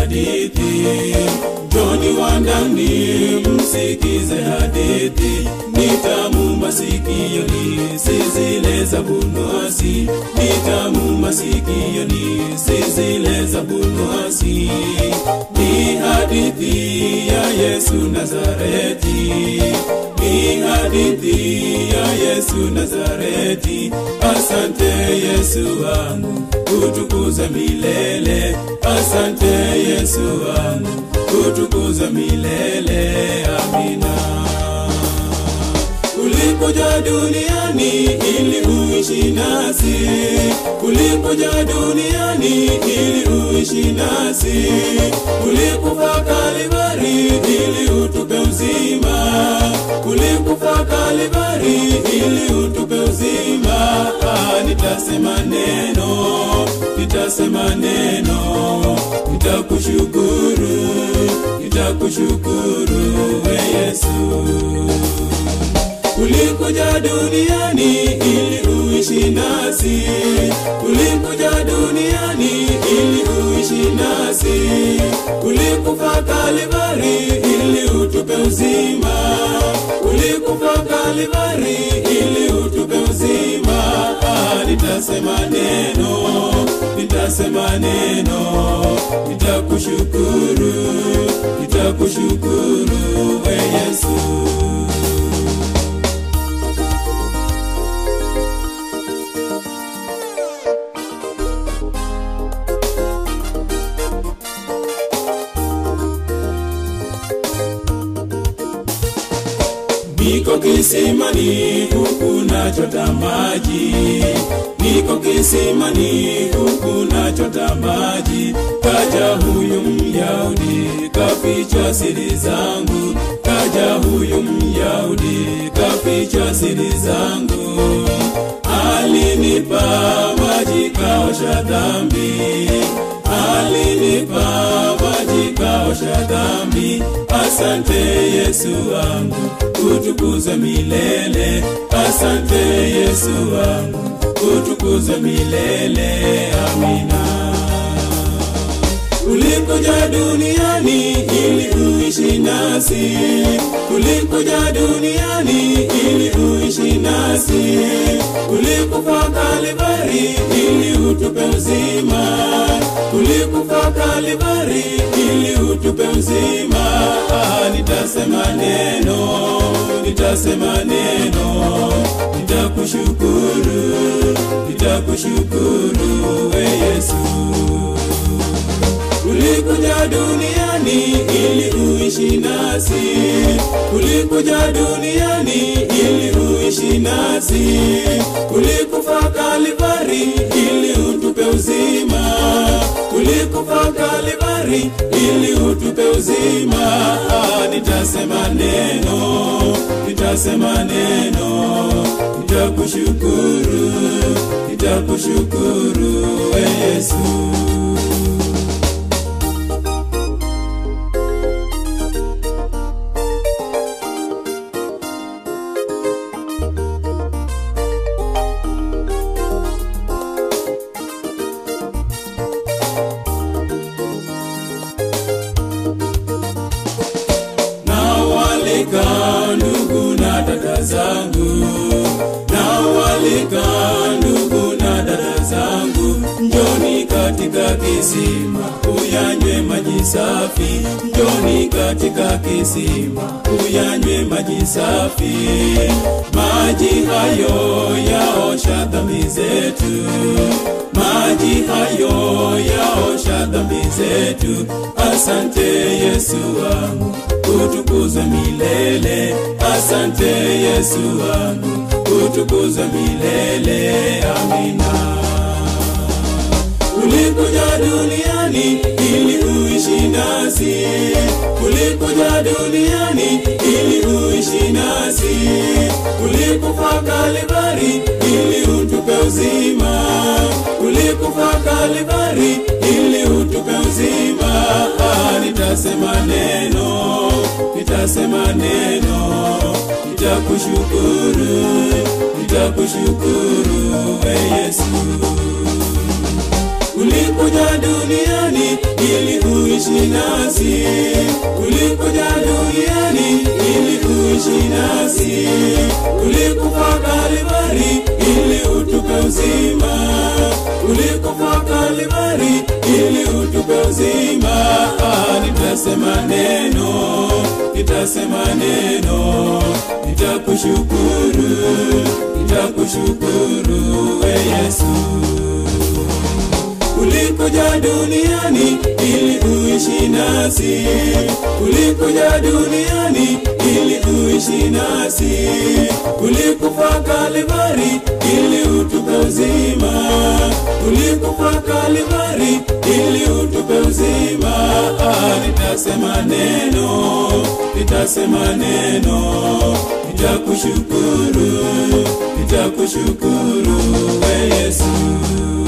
hadithi, Joni wandani msikize hadithi, nitamu tamu masikioni, sizile zile za bunwasi, ni tamu masikioni, sizile zile za bunwasi, ni hadithi ya Yesu Nazareti ni hadithi ya Yesu Nazareti. Asante Yesu wangu, utukuza milele. Asante Yesu wangu, utukuza milele. Amina. Ulipoja duniani ili uishi nasi, ulipoja duniani ili uishi nasi, ulipofa Kalvari ili utu kalibari ili utupe uzima. nitasema neno, nitasema neno, nitakushukuru, nitakushukuru we Yesu. Ulikuja duniani ili uishi nasi, ulikuja duniani ili uishi nasi, ulikufa kalibari ili utupe uzima Alikufa Kalvari ili utupe uzima. Ah, nitasema neno, nitasema neno, nitakushukuru, nitakushukuru we Yesu. Niko kisimani huku nachota maji, niko kisimani huku nachota maji. Kaja huyu Myahudi kaficha siri zangu, kaja huyu Myahudi kaficha siri zangu. Alinipa maji kaosha dhambi, alinipa Asante Yesu wangu, utukuzwe milele. Asante Yesu wangu, utukuzwe milele. Amina. Ulikuja duniani ili uishi nasi, ulikuja duniani ili uishi nasi, ulikufa Kalvari ili utupe uzima Ulikufa Kalvari ili utupe uzima. Ah, nitasema neno, nitasema neno, nitakushukuru, nitakushukuru we Yesu. Ulikuja duniani ili uishi nasi, ulikuja duniani ili uishi nasi, ulikufa Kalvari ili utupe uzima ulikufa Kalvari ili utupe uzima. Ah, nitasema neno, nitasema neno, nitakushukuru, nitakushukuru we Yesu. nawaalika ndugu na dada zangu, nawaalika ndugu na dada zangu, njoni katika kisima uyanywe maji safi, njoni katika kisima uyanywe maji safi, maji hayo yaosha dhambi zetu maji hayo yaosha dhambi zetu. Asante Yesu wangu utukuzwe milele asante yesu wangu utukuzwe milele amina ulikuja duniani ili uishi nasi ulikuja duniani ili uishi nasi ulikufa kalibari ili utupe uzima ulikufa kalibari ili utupe uzima ah, nitasema neno nitasema neno, nitakushukuru, nitakushukuru we Yesu. Ulikuja duniani ili uishi nasi, ulikuja duniani ili uishi nasi, ulikufa kalibari ili utupe uzima, ulikufa kalibari ili utupe uzima nitasema neno, nitasema neno, nitakushukuru, nitakushukuru we Yesu. Ulikuja duniani ili uishi nasi, ulikuja duniani ili uishi nasi, ulikufa Kalvari ili utupe uzima, ulikufa Kalvari ili utupe uzima. Nitasema neno, nitasema neno, nitakushukuru, nitakushukuru we ee Yesu.